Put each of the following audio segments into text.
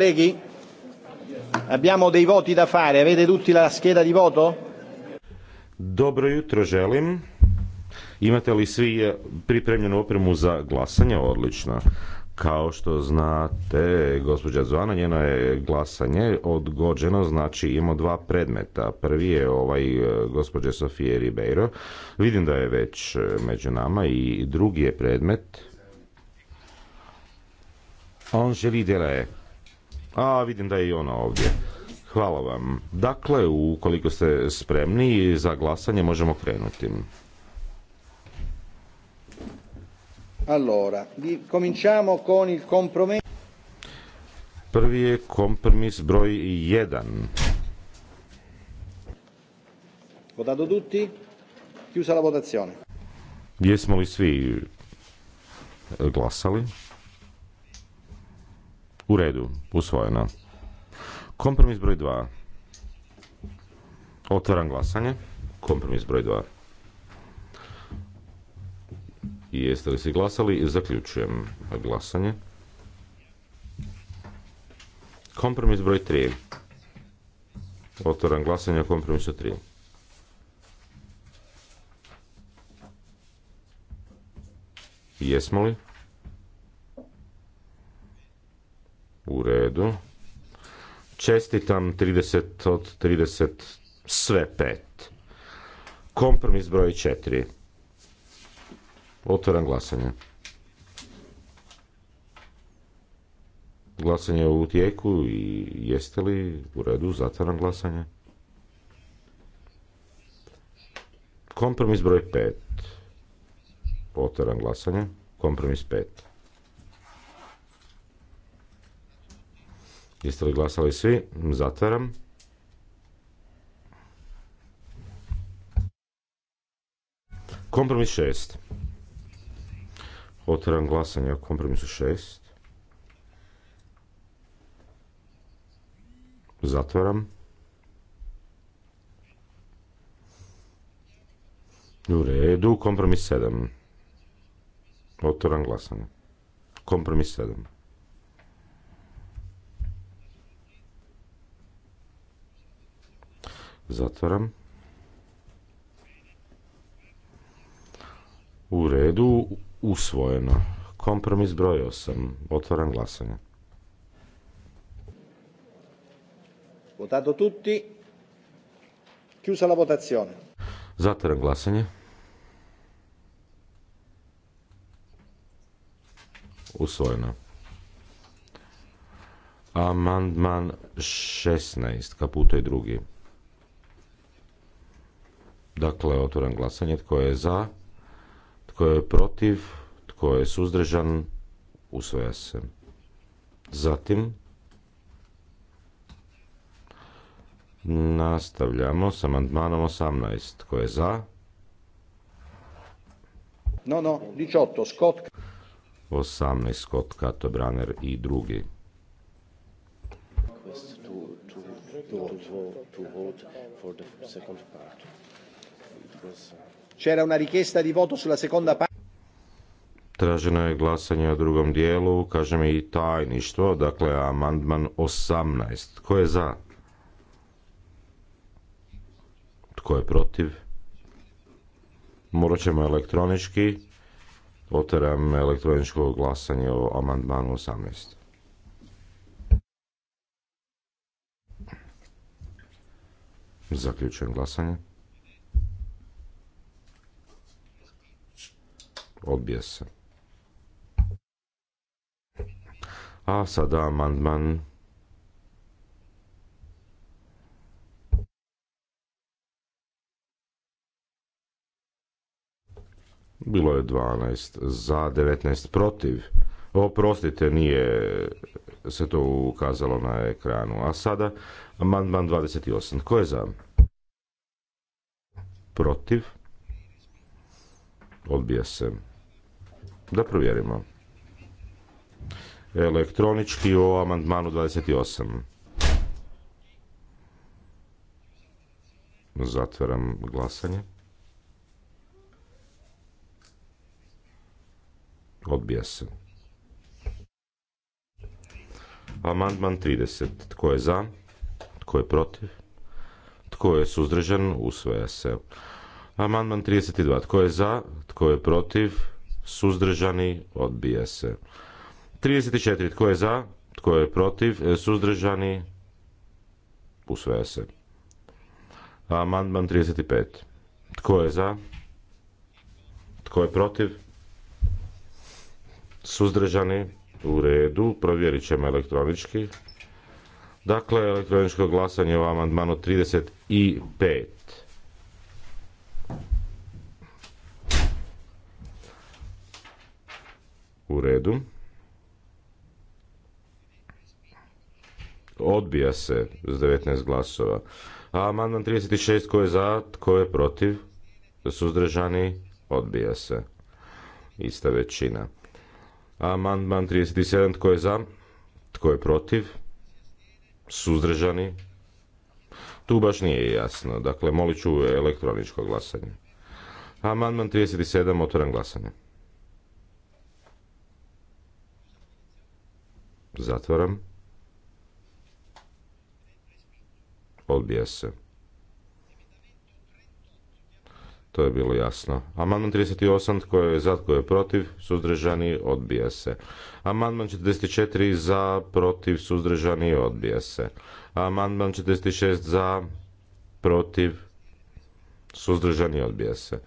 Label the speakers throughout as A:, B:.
A: Colleghi, abbiamo dei voti da fare. Avete tutti la scheda di voto? Dobro jutro želim. Imate li svi eh, pripremljenu opremu za glasanje? Odlično. Kao što znate, gospođa Zvana, njeno je glasanje odgođeno, znači imamo dva predmeta. Prvi je ovaj eh, gospođe Sofije Ribeiro, vidim da je već eh, među nama i drugi je predmet Anželi je a vidim da je i ona ovdje. Hvala vam. Dakle, ukoliko ste spremni za glasanje možemo krenuti. Allora, cominciamo con il compromesso. Prvi je kompromis broj 1. Votato tutti? Chiusa la votazione. Jesmo li svi glasali? U redu, usvojeno. Kompromis broj 2. Otvaram glasanje. Kompromis broj 2. jeste li se glasali? Zaključujem glasanje. Kompromis broj 3. Otvaram glasanje o kompromisu 3. Jesmo li? redu. Čestitam 30 od 30 sve pet. Kompromis broj 4. Otvaram glasanje. Glasanje u tijeku i jeste li u redu? Zatvaram glasanje. Kompromis broj 5. Otvaram glasanje. Kompromis 5. Jeste li glasali svi? Zatvaram. Kompromis šest. Otvaram glasanje o kompromisu šest. Zatvaram. U redu, kompromis 7. Otvaram glasanje. Kompromis sedam. Zatvaram. U redu, usvojeno. Kompromis broj 8. Otvaram glasanje. Votato tutti. Chiusa la votazione. Zatvaram glasanje. Usvojeno. Amandman 16. Kaputo i drugi. Dakle, otvoram glasanje. Tko je za? Tko je protiv? Tko je suzdržan? usvoja se. Zatim, nastavljamo s amandmanom 18. Tko je za? No, no, 18, Scott. 18, Scott, Kato Braner i drugi. To, to, to vote for the second part una di voto sulla pa- Traženo je glasanje o drugom dijelu, kažem i tajništvo, dakle amandman 18. Ko je za? Tko je protiv? Morat ćemo elektronički. Otvaram elektroničko glasanje o amandmanu 18. Zaključujem glasanje. Odbija se. A sada amandman. Bilo je 12 za, 19 protiv. Oprostite, nije se to ukazalo na ekranu. A sada amandman 28. Ko je za? Protiv. Odbija se. Da provjerimo. Elektronički o amandmanu 28. Zatvaram glasanje. Odbija se. Amandman 30. Tko je za? Tko je protiv? Tko je suzdržan? Usvaja se. Amandman 32. Tko je za? Tko je protiv? suzdržani, odbija se. 34. Tko je za? Tko je protiv? E, suzdržani? Usvaja se. Amandman 35. Tko je za? Tko je protiv? Suzdržani? U redu. Provjerit ćemo elektronički. Dakle, elektroničko glasanje o amandmanu 35. redu. Odbija se s 19 glasova. A amandman 36 ko je za, ko je protiv, suzdržani, odbija se. Ista većina. Amandman 37 tko je za, tko je protiv, suzdržani. Tu baš nije jasno, dakle molit ću elektroničko glasanje. Amandman 37 otvoren glasanje. Zatvaram. Odbija se. To je bilo jasno. Amandman 38, tko je za, tko je protiv, suzdržani, odbija se. Amandman 44, za, protiv, suzdržani, odbija se. Amandman 46, za, protiv, suzdržani, odbija se.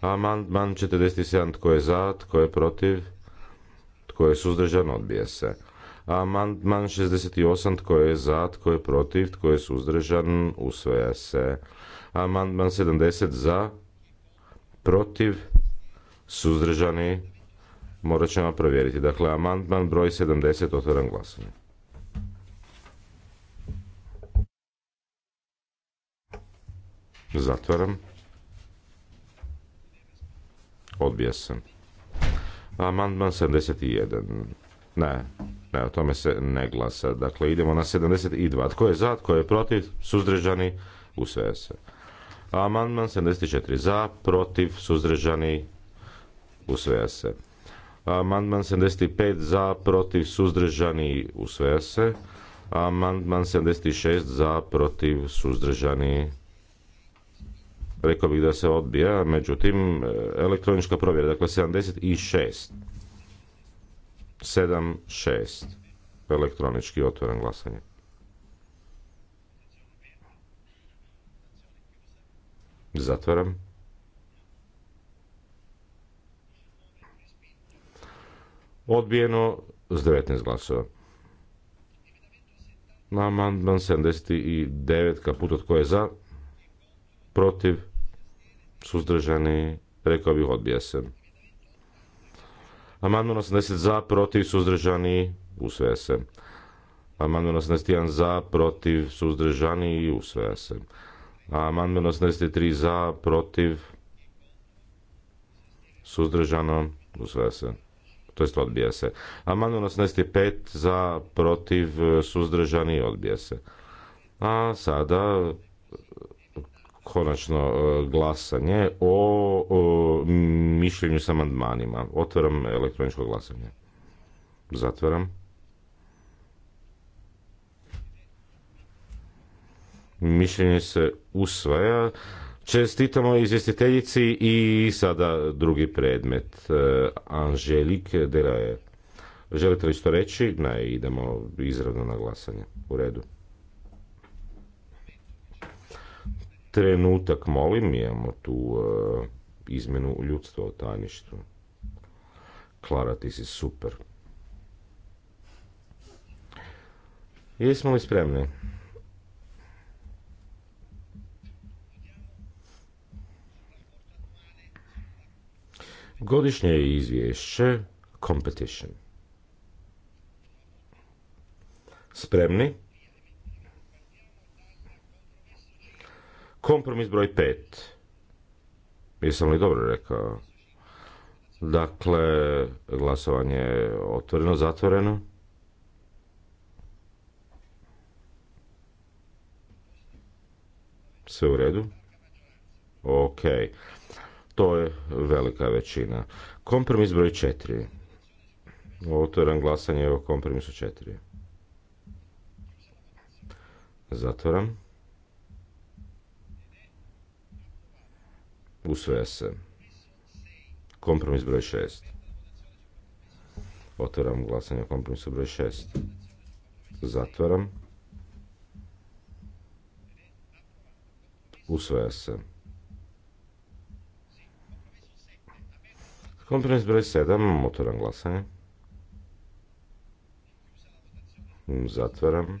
A: Amandman 47, tko je za, tko je protiv, tko je suzdržan, odbija se. Amandman 68, tko je za, tko je protiv, tko je suzdržan, usvaja se. Amandman 70 za, protiv, suzdržani, morat ćemo provjeriti. Dakle, amandman broj 70, otvoran glasanje. Zatvaram. Odbija sam. Amandman 71. Ne, ne, o tome se ne glasa. Dakle, idemo na 72. Tko je za, tko je protiv, suzdržani, usvaja se. Amandman 74. Za, protiv, suzdržani, sve se. Amandman 75. Za, protiv, suzdržani, usvaja se. Amandman 76. Za, protiv, suzdržani, rekao bih da se odbija, međutim, e, elektronička provjera, dakle 76. 7.6. Elektronički otvoren glasanje. Zatvaram. Odbijeno s 19 glasova. Na amandman 79 kaput od koje za, protiv, suzdržani, rekao bih odbija se. Amandman 80 za, protiv, suzdržani, usvaja se. Amandman 81 za, protiv, suzdržani, usvaja se. Amandman 83 za, protiv, suzdržano, usvaja se. To jest odbija se. Amandman 85 za, protiv, suzdržani, odbija se. A sada konačno e, glasanje o mišljenju s amandmanima. Otvaram elektroničko glasanje. Zatvaram. Mišljenje se usvaja. Čestitamo izvjestiteljici i sada drugi predmet. E, Anželik Deraje. Želite li što reći? Ne, idemo izravno na glasanje. U redu. Trenutak, molim, imamo tu... E, izmjenu ljudstva u tajništvu. Klara, ti si super. Jesmo li spremni? Godišnje izvješće Competition. Spremni? Kompromis broj pet. Jesam li dobro rekao? Dakle, glasovanje je otvoreno, zatvoreno. Sve u redu? Ok. To je velika većina. Kompromis broj četiri. Otvoram glasanje o kompromisu četiri. Zatvoram. Usvoja se. Kompromis broj 6. Otvaram glasanje o kompromisu broj 6. Zatvaram. Usvaja se. Kompromis broj 7. Otvaram glasanje. Zatvaram.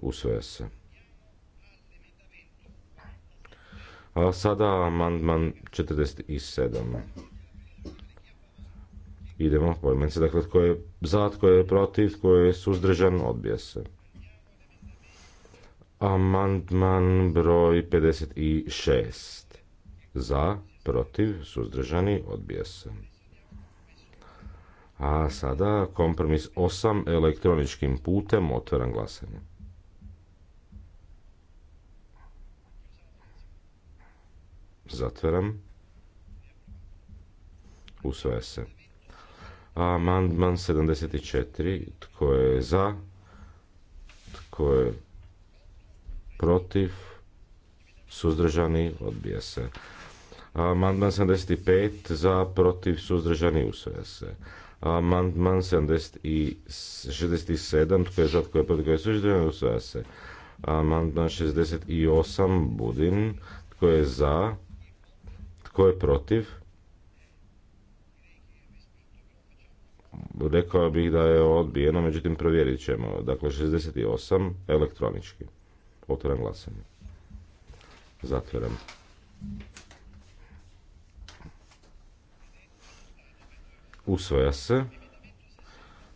A: Usvaja se. A sada amandman 47. Idemo, se dakle, tko je za, tko je protiv, tko je suzdržan, odbija se. Amandman broj 56. Za, protiv, suzdržani, odbija se. A sada kompromis 8 elektroničkim putem otvaram glasanje. Zatvaram. Usvaja se. Amandman 74. Tko je za? Tko je protiv? Suzdržani? Odbija se. Amandman 75. Za, protiv, suzdržani? Usvaja se. Amandman 67. Tko je za? Tko je protiv? Tko je suzdržani? Usvaja se. Amandman 68. Budin. Tko je za? Tko je protiv? Rekao bih da je odbijeno, međutim provjerit ćemo. Dakle, 68 elektronički. Otvoram glasanje. Zatvaram. usvoja se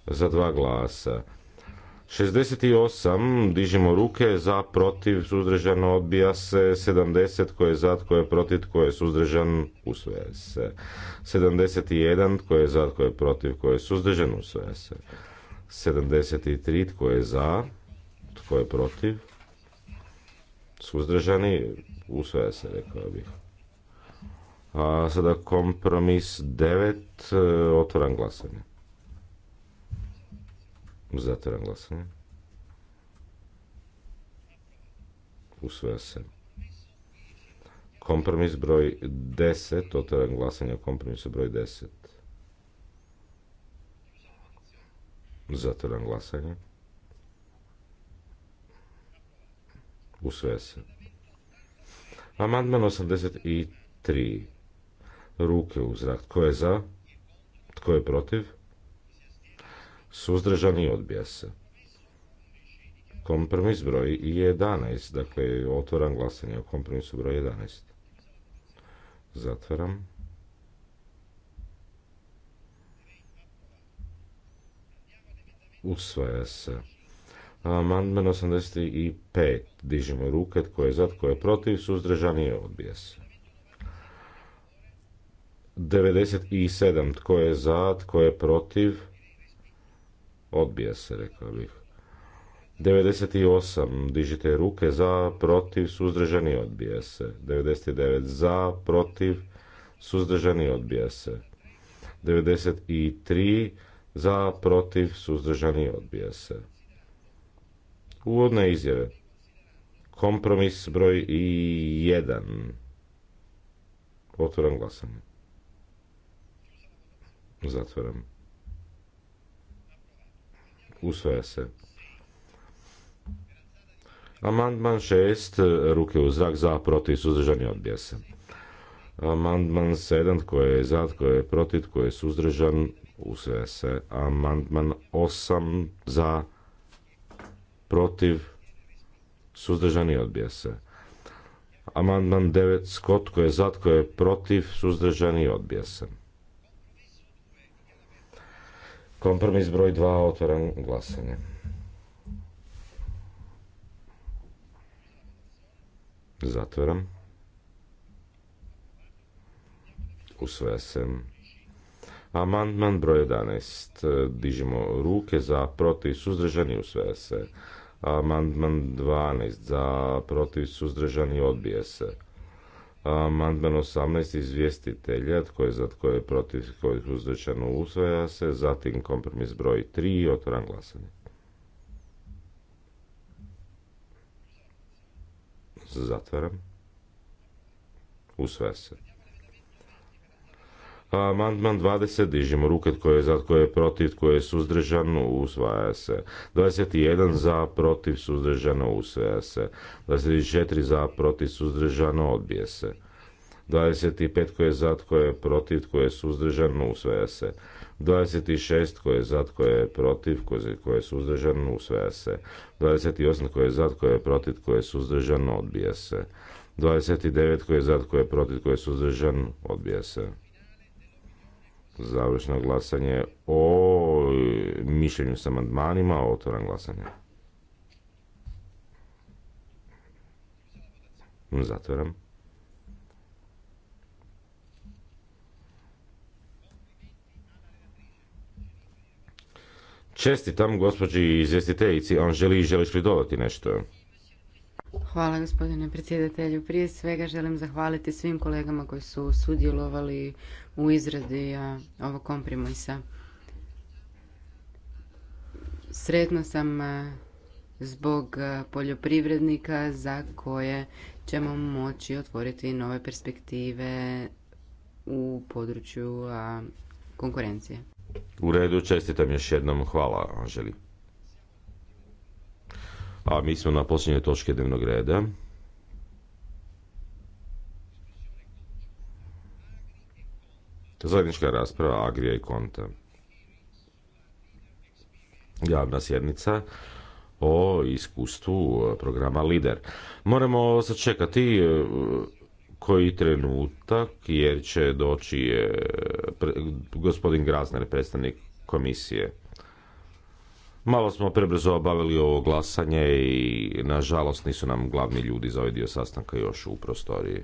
A: za dva glasa. 68, dižimo ruke, za, protiv, suzdržano, odbija se. 70, tko je za, tko je protiv, tko je suzdržan, usvaja se. 71, tko je za, tko je protiv, tko je suzdržan, usvaja se. 73, tko je za, tko je protiv, suzdržani, usvaja se, rekao bih. A sada kompromis 9, e, otvoran glasanje. Zatvaram glasanje. Usvaja se. Kompromis broj 10. Otvaram glasanje o kompromisu broj 10. Zatvaram glasanje. Usvaja se. Amandman 83. Ruke u zrak. Tko je za? Tko je protiv? suzdržani, odbija se. Kompromis broj 11, dakle otvoram glasanje o kompromisu broj 11. Zatvaram. Usvaja se. Amandman 85. Dižemo ruke, tko je za, tko je protiv, suzdržani je, odbija se. 97. Tko je za, tko je protiv, Odbija se, rekao bih. 98. Dižite ruke za, protiv, suzdržani, odbija se. 99. Za, protiv, suzdržani, odbija se. 93. Za, protiv, suzdržani, odbija se. Uvodne izjave. Kompromis broj 1. Otvoram glasanje. Zatvoram. Usvaja se. Amandman 6. Ruke u zrak za, protiv, suzdržani, odbija se. Amandman 7. Tko je za, tko je protiv, tko je suzdržan, usvaja se. Amandman osam Za, protiv, suzdržani, odbija se. Amandman 9. Skot, tko je za, tko je protiv, suzdržani, odbija se. Kompromis broj 2, otvaram glasanje. Zatvaram. Usvaja se. Amandman broj 11. Dižimo ruke za protiv suzdržani usvaja se. Amandman 12 za protiv suzdržani odbije se. Amandman 18 izvjestitelja, tko je za, tko je protiv, tko je usvaja se, zatim kompromis broj 3, otvoran glasanje. Zatvaram. Usvaja se. Amandman 20, dižimo ruke tko je za, tko je protiv, tko je suzdržan, usvaja se. 21 za, protiv, suzdržano, usvaja se. 24 za, protiv, suzdržano, odbije se. 25 tko je za, tko je protiv, tko je suzdržan, usvaja se. 26 tko je za, tko je protiv, tko je suzdržan, usvaja se. 28 tko je za, tko je protiv, tko je suzdržan, odbija se. 29 tko je za, tko je protiv, tko je suzdržan, odbija se završno glasanje o mišljenju sa amandmanima, otvoran glasanje. Zatvaram. Čestitam gospođi izvjestiteljici, on želi, želiš li dodati nešto? Hvala gospodine predsjedatelju. Prije svega želim zahvaliti svim kolegama koji su sudjelovali u izradi ovog kompromisa. Sretna sam zbog poljoprivrednika za koje ćemo moći otvoriti nove perspektive u području konkurencije. U redu, čestitam još jednom. Hvala, Anželi. A mi smo na posljednjoj točke dnevnog reda. Zajednička rasprava Agrija i Konta. Javna sjednica o iskustvu programa LIDER. Moramo sačekati e, koji trenutak, jer će doći e, gospodin Grazner, predstavnik komisije. Malo smo prebrzo obavili ovo glasanje i nažalost nisu nam glavni ljudi za ovaj dio sastanka još u prostoriji.